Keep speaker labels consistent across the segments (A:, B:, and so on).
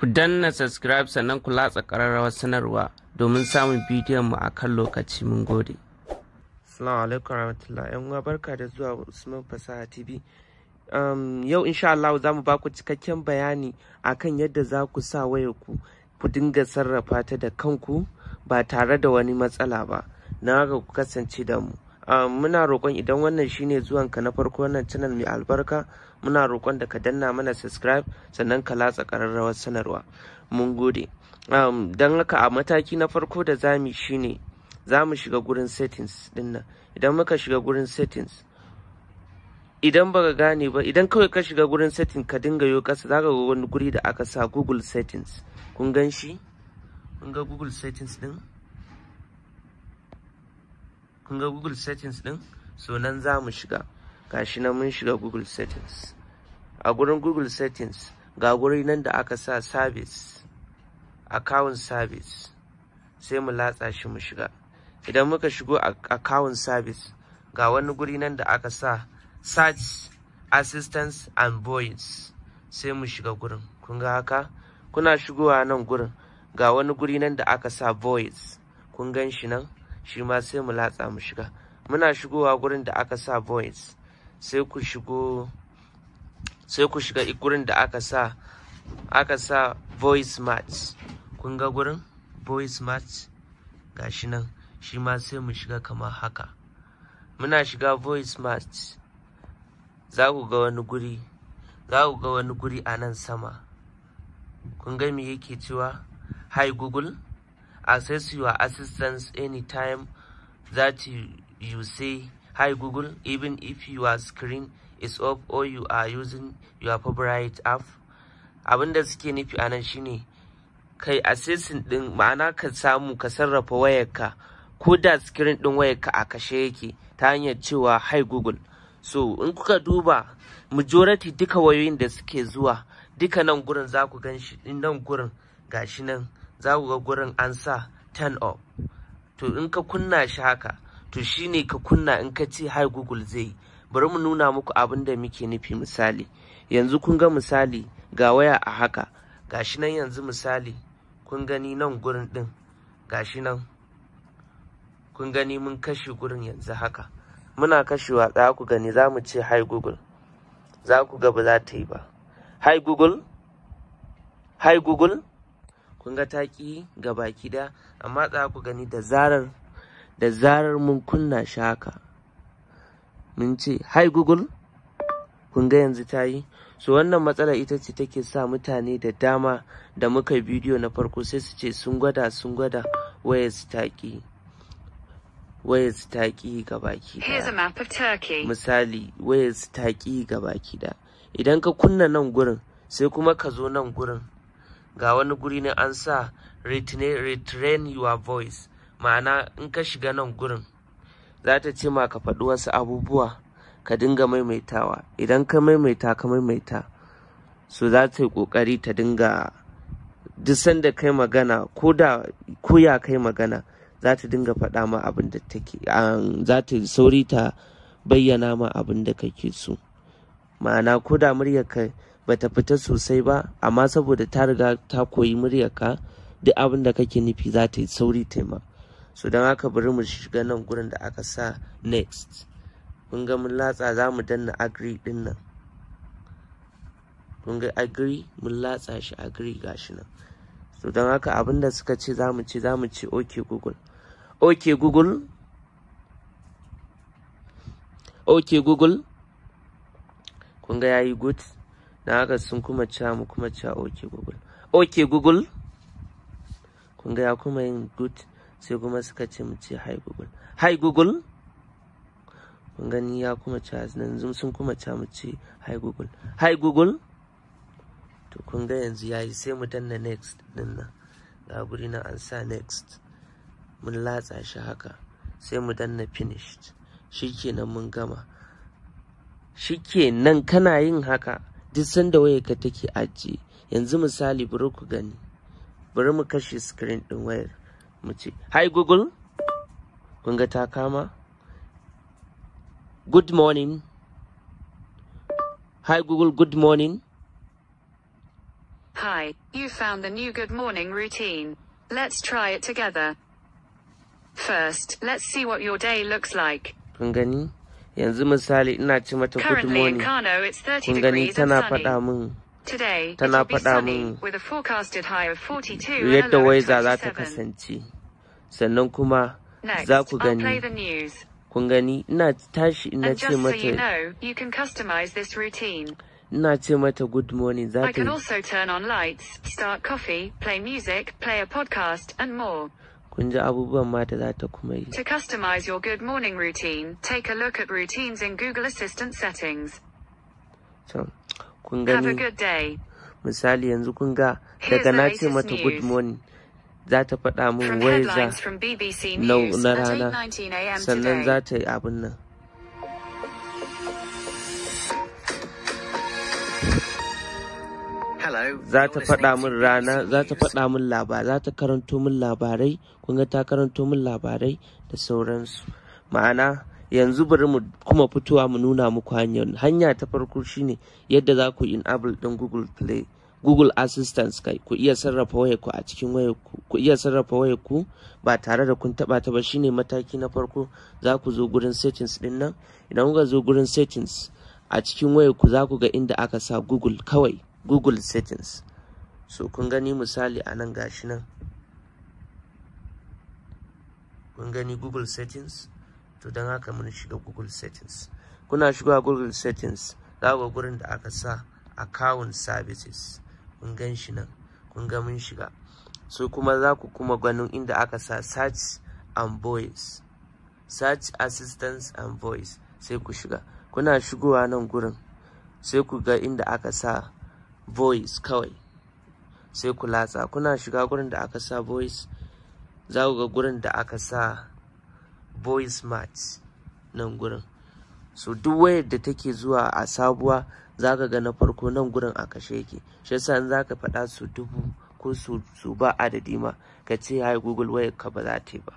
A: ku danna subscribe sannan ku latsa ƙararrawar sanarwa domin samun bidiyon mu akan lokaci mun gode. Assalamu alaikum rahmatulah. yan uwa barka da zuwa Usman Fasaha TV. Um, yau insha Allah za mu baku cikakken bayani akan yadda za ku sa wayar ku ku dinga sarrafa ta da kanku ba tare da wani matsala ba. Na ga ku kasance da mu. Um, muna roƙon idan wannan shine zuwanka na farko wannan channel mai albarka muna roƙon da ka danna mana subscribe sannan ka latsa ƙararrawar sanarwa mun gode um, don haka a mataki na farko da zami shine za mu shiga gurin settings din nan idan muka shiga gurin settings idan baka gane ba idan kawai ka shiga gurin settings ka dinga yau ƙasa za ka ga wani guri da aka sa google settings kun gan shi kun ga google settings din kun ga google settings din so nan za mu shiga gashi na mun shiga google settings a gurin google settings ga guri nan da aka sa service account service sai mu latsa shi mu shiga idan muka shigo account service ga wani guri nan da aka sa search assistance and voice sai mu shiga gurin kun ga haka kuna shigowa nan gurin ga wani guri nan da aka sa voice kun gan shi nan shi ma sai mu latsa mu shiga muna shigowa gurin da aka sa voice sai ku shigo sai ku shiga gurin da aka sa aka sa voice match kun ga gurin voice match gashi nan shi ma sai mu shiga kamar haka muna shiga voice match za ku ga wani guri za ku ga wani guri a nan sama kun ga me yake cewa hi google access your assistance anytime that you, you say Hi Google, even if your screen is off or you are using your favorite app, da suke nufi a nan shine kai assessing din ma'ana ka samu ka sarrafa wayarka ko da screen din wayarka a kashe yake ta hanyar cewa hi Google. So in kuka duba majority duka wayoyin da suke zuwa duka nan gurin za ku gan shi nan gurin gashi nan za ku ga gurin an sa turn off. To in ka kunna shi haka to shine ka kunna in ka ce hi google zai bari mu nuna muku abin da muke nufi misali yanzu kun ga misali ga waya a haka gashi nan yanzu misali kun gani nan gurin din gashi nan kun gani mun kashe gurin yanzu haka muna kashewa za ku gani za mu ce hi google za ku ga ba za ta yi ba hi google hi google kun ga taki ga baki da amma za ku gani da zarar da zarar mun kunna shi haka mun ce hi google kun ga yanzu ta yi so wannan matsala ita ce take sa mutane da dama da muka yi bidiyo na farko sai su ce sun gwada sun gwada wayar su taƙi wayar su taƙi ga baki misali wayar su taƙi ga baki da idan ka kunna nan gurin sai kuma ka zo nan gurin ga wani guri ne an sa retrain your voice ma'ana in ka shiga nan gurin za ta ce ma ka faɗi wasu abubuwa ka dinga maimaitawa idan ka maimaita ka maimaita so za ta yi ƙoƙari ta dinga duk sanda kai magana ko da koya kai magana za ta dinga faɗa ma abin da take um, za ta sauri ta bayyana ma abin da kake so ma'ana ko da muryarka ba ta fita sosai ba amma saboda ta riga ta koyi muryarka duk abin da kake nufi za ta yi sauri ta yi ma. so don haka bari mu shiga nan gurin da aka sa next kun ga mun latsa za mu danna agree din nan kun ga agree mun latsa shi agree gashi nan so don haka abinda suka ce za mu ce za mu ce okay google okay google Okay google kun ga yayi good na haka sun kuma ca mu kuma ca Okay google Okay google kun ga ya kuma yin good sai kuma suka ce mu ce hi google hi google mun gani ya kuma ci nan sun kuma ci mu ce hi google hi google to kun ga yanzu yayi sai mu danna next din nan ga guri na an next mun latsa shi haka sai mu danna finished shikenan mun gama shikenan kana yin haka duk sanda wayar ka take ajiye yanzu misali bari ku gani bari mu kashe screen din wayar mu hi google kun ga ta kama good morning hi google good morning
B: hi you found the new good morning routine let's try it together first let's see what your day looks like
A: kun gani yanzu misali ina ce mata good morning
B: kun gani tana faɗa min Today, it will
A: be sunny
B: with a forecasted high of 42 and a low of
A: 27. Next, I'll play the news. Kungani, not touch, not and just so you know,
B: you can customize this routine.
A: Not so I can also
B: turn on lights, start coffee, play music, play a podcast, and more. To customize your good morning routine, take a look at routines in Google Assistant settings.
A: kun gani misali yanzu kun ga daga na ce mata good morning za ta faɗa min za na rana sannan za ta yi abin nan za ta faɗa min rana za ta faɗa min labarai za ta karanto min labarai kun ga ta karanto min labarai da sauransu ma'ana yanzu bari mu kuma fitowa mu nuna muku hanyar hanya ta farko shine yadda za ku enable din google play google assistant kai ku iya sarrafa wayarku a cikin wayarku ku iya sarrafa wayarku ba tare da kun taba ta ba shine mataki na farko za ku zo gurin settings din nan idan kuka zo gurin settings a cikin wayarku za ku ga inda aka sa google kawai google settings so kun gani misali a nan gashi nan kun gani google settings to don haka mun shiga google settings kuna shiga google settings za ku gurin da aka sa account services kun gan shi nan kun ga mun shiga so kuma za ku kuma ganin inda aka sa search and voice search assistance and voice sai ku shiga kuna shigowa nan gurin sai ku ga inda aka sa voice kawai sai ku latsa kuna shiga gurin da aka sa voice za ku ga gurin da aka sa boys match nan gurin so duk wayar da take zuwa a sabuwa zaka ga na farko nan gurin a kashe yake shi yasa in zaka faɗa su dubu ko su ba adadi ma ka ce hai google wayar ka ba za ta ba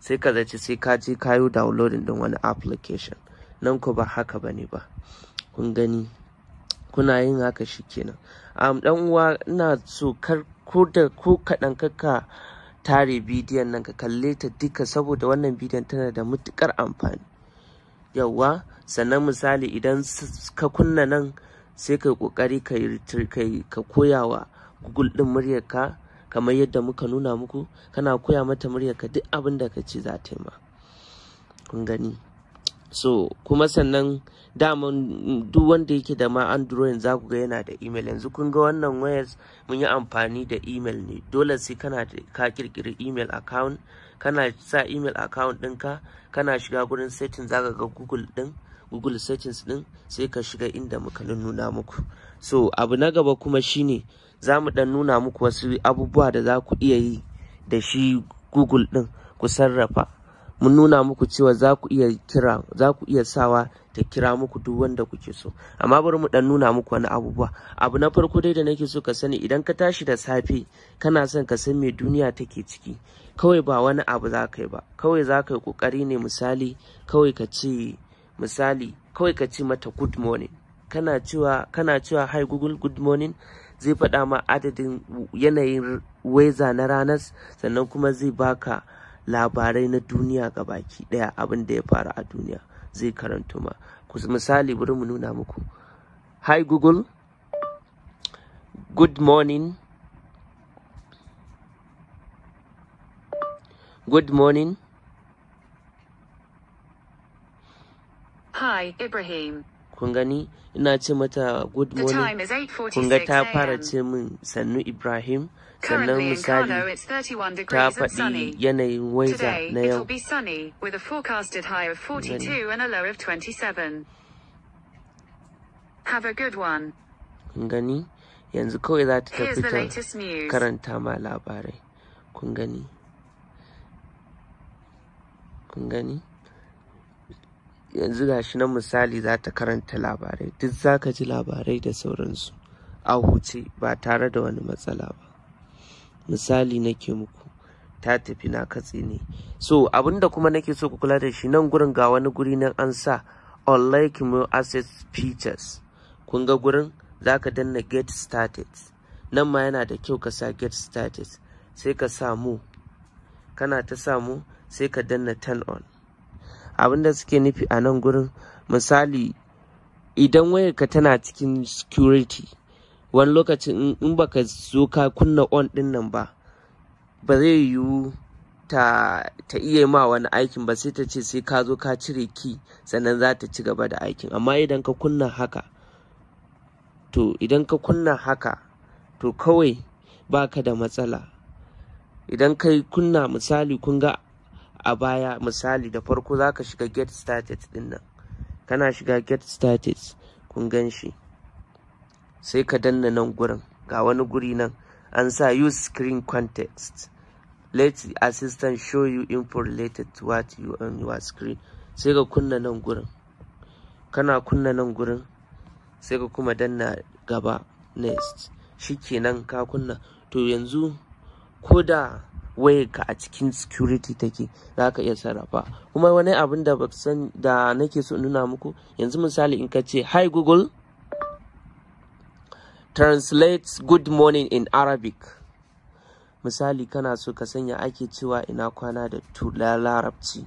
A: sai ka zaci sai ka je kayo downloading din wani application nan ku ba haka bane ba kun gani kuna yin haka shikenan am dan uwa ina so kar ko da ko kadan kaka tare bidiyon nan ka kalle ta duka saboda wannan bidiyon tana da matukar amfani yauwa sannan misali idan ka kunna nan sai ka kokari ka koya wa google ɗin muryarka kamar yadda muka nuna muku kana koya mata muryarka duk abin da ka ce za ta yi ma kun gani so kuma sannan daman duk wanda yake da ma android za ku ga yana da email yanzu kun ga wannan wayas mun yi amfani da email ne dole sai kana ka kirkiri email account kana sa email account ɗinka kana shiga gurin setting ka ga google ɗin google settings ɗin sai ka shiga inda muka nuna muku so abu na gaba kuma shine za mu ɗan nuna muku wasu abubuwa da za ku iya yi da shi google ɗin ku sarrafa mun nuna muku cewa za ku iya kira za ku iya sawa ta kira muku duk wanda kuke so amma bari mu dan nuna muku wani abubuwa abu na farko dai da nake so ka sani idan ka tashi da safe kana son ka san me duniya take ciki kawai ba wani abu za ka yi ba kawai za ka yi kokari ne misali kawai ka ce misali kawai ka ce mata good morning kana cewa kana cewa hi google good morning zai faɗa ma adadin yanayin weza na ranar sannan kuma zai baka labarai na duniya ga baki ɗaya abin da ya faru a duniya zai karanto ma misali bari mu nuna muku hi google good morning good morning
B: hi ibrahim
A: kun gani ina ce mata good morning kun ga ta fara ce min sannu ibrahim sannan
B: misali ta faɗi
A: yanayin waiza na yau gani yanzu kawai za ta tafi ta karanta ma labarai kun gani kun gani yanzu gashi na misali za ta karanta labarai duk za ka ji labarai da sauransu a huce ba tare da wani matsala ba misali nake muku ta tafi na katse ne so abinda kuma nake so ku kula da shi nan gurin ga wani guri nan an sa unlike more access features kun ga gurin za ka danna get started nan ma yana da kyau ka sa get started sai ka samu kana ta samu sai ka danna turn on abinda suke nufi a nan gurin misali idan wayarka tana cikin security wani lokacin in baka zo ka kunna on din nan ba ba zai yiwu ta, ta iya ma wani aikin ba sai ta ce sai ka zo ka cire ki sannan za ta ci gaba da aikin amma idan ka kunna haka to idan ka kunna haka to kawai baka da matsala idan ka kunna misali kun ga a baya misali da farko za ka shiga get started din nan kana shiga get started kun gan shi sai ka danna nan gurin ga wani guri nan an sa use screen context let the assistant show you info related to what you on your screen sai ka kunna nan gurin kana kunna nan gurin sai ka kuma danna gaba next shikenan ka kunna to yanzu ko da wayarka a cikin security take za ka iya sarrafa kuma wani abin da da nake so nuna muku yanzu misali in ka ce hi google translates good morning in arabic misali kana so ka sanya ake cewa ina kwana da larabci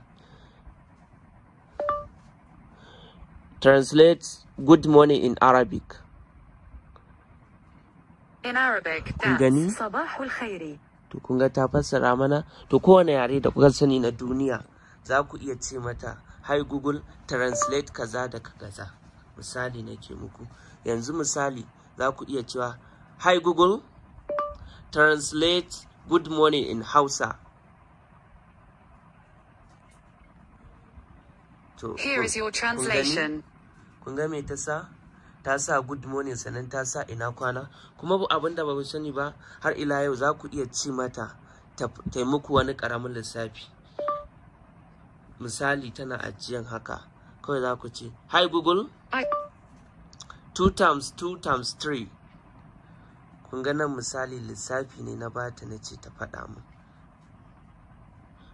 A: translates good morning in arabic
B: in arabic
A: kun gani sabahul khairi to kun ga ta fassara mana to kowane yare da kuka sani na duniya za ku iya ce mata hi google translate kaza da kaza misali nake muku yanzu misali za ku iya cewa hi google translate good morning in hausa to here is your translation kun ga me ta sa ta sa good morning sannan ta sa ina kwana kuma abin da ba ku sani ba har ila yau za ku iya ci mata taimako wani karamin lissafi misali tana ajiyan haka kawai za ku ce hi google 2 times 2 times 3 kun ga nan misali lissafi ne na bata na ce ta faɗa mu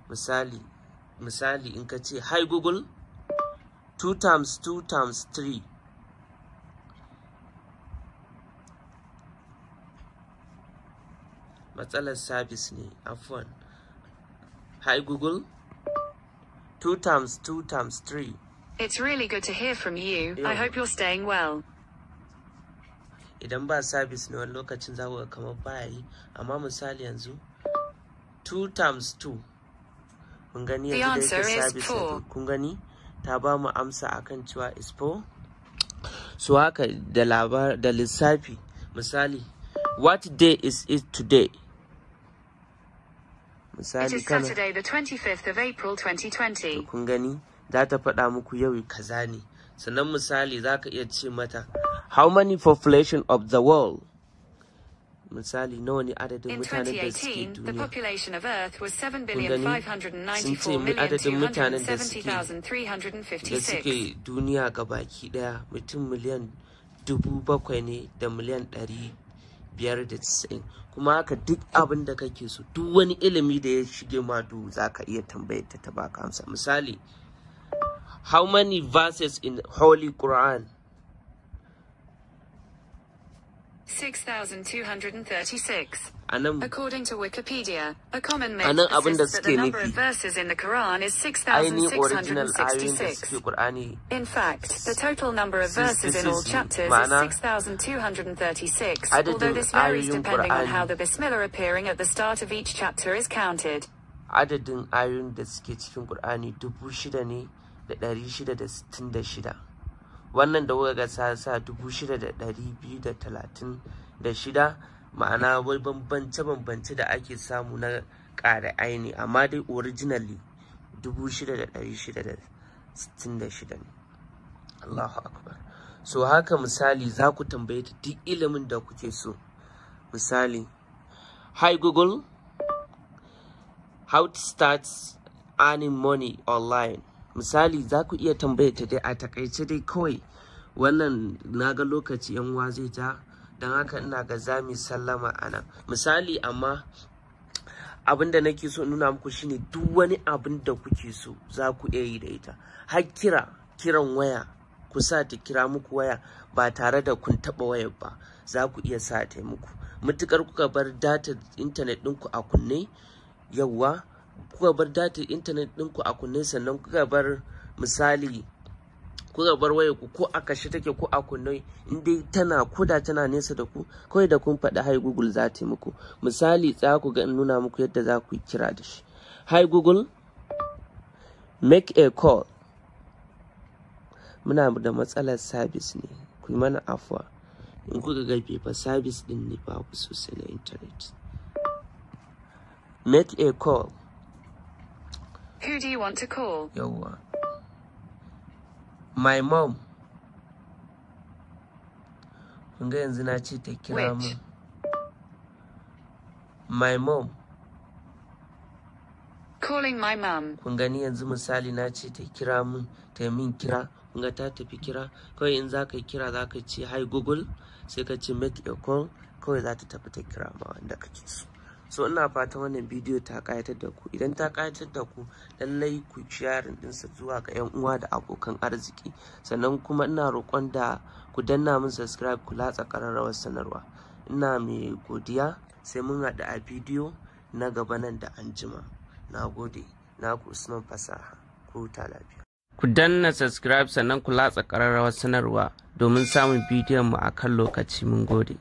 A: misali misali in ka ce hi google 2 times 2 times 3 matsalar sabis ne afwan hi google 2 times 2 times 3
B: It's really good to hear from you. Yeah. I hope you're staying
A: well. idan ba sabis ne wani lokacin za ku ga kamar baya yi amma misali yanzu 2 times 2 kun gani yanzu da yake sabis kun gani ta ba mu amsa akan cewa is 4 so haka da labar da lissafi misali what day is it today misali it is Saturday
B: the 25th of April 2020
A: kun gani za ta faɗa muku yau kaza ne sannan misali za ka iya ce mata how many population of the world In 2018, the
B: population of Earth was duniya sun ce mu adadin mutanen da suke
A: duniya ga baki daya mutum miliyan dubu bakwai ne da miliyan ɗari biyar shige ma how many verses in holy quran
B: 6236.
A: According
B: to Wikipedia, a common myth is that the number of verses in the Quran is 6666. In fact, the total number of verses in all chapters is 6236, although this varies depending on how the Bismillah appearing at the start of each chapter is counted.
A: Adadin da suke cikin Qur'ani 6666. wannan da kuka ga sa sa dubu shida da ɗari biyu da talatin da shida ma'ana wani bambance bambance da ake samu na ƙara aini amma dai originally dubu shida da ɗari shida da sittin da shida ne Allahu akbar so haka misali za ku tambaye ta duk ilimin da kuke so misali hi google how to start earning money online misali za ku iya tambaya ta dai a takaice dai kawai wannan na ga lokaci yan uwa zai ja don haka ina ga za mu sallama a nan misali amma abin da nake so nuna muku shine duk wani abin da kuke so za ku iya yi da ita har kira kiran waya ku sa ta kira muku waya ba tare da kun taba waya ba za ku iya sa ta muku mutukar kuka bar data intanet ɗinku a kunne yauwa kuka bar data intanet ɗinku a kunnen sannan kuka bar misali kuka bar waya ku ko a kashe take ko a kunne in dai tana koda tana nesa da ku kawai da kun faɗi hi google za ta muku misali za ku ga in nuna muku yadda za ku kira da shi hi google make a call muna da matsalar service ne ku yi mana afuwa in kuka ga fa service din ne babu sosai na internet make a call
B: Who do you want to call?
A: Yawwa. My mom. Kun ga yanzu kira mu. My mom.
B: Calling my mom.
A: Kun gani yanzu misali na ce ta kira mun ta min kira kun ga ta tafi kira kawai in za ka kira za ka ce hi google sai ka ce make a call kawai za ta tafi ta kira ma wanda kake so. so ina fatan wannan bidiyo ta ƙayatar da ku idan ta ƙayatar da ku lallai ku sharing ɗinsa zuwa ga 'yan uwa da abokan arziki sannan kuma ina roƙon da ku danna min subscribe ku latsa ƙararrawar sanarwa ina mai godiya sai mun haɗu a bidiyo na gaba nan da anjima na gode na ku usman fasaha ku ta lafiya ku danna subscribe sannan ku latsa ƙararrawar sanarwa domin samun bidiyon mu a kan lokaci mun gode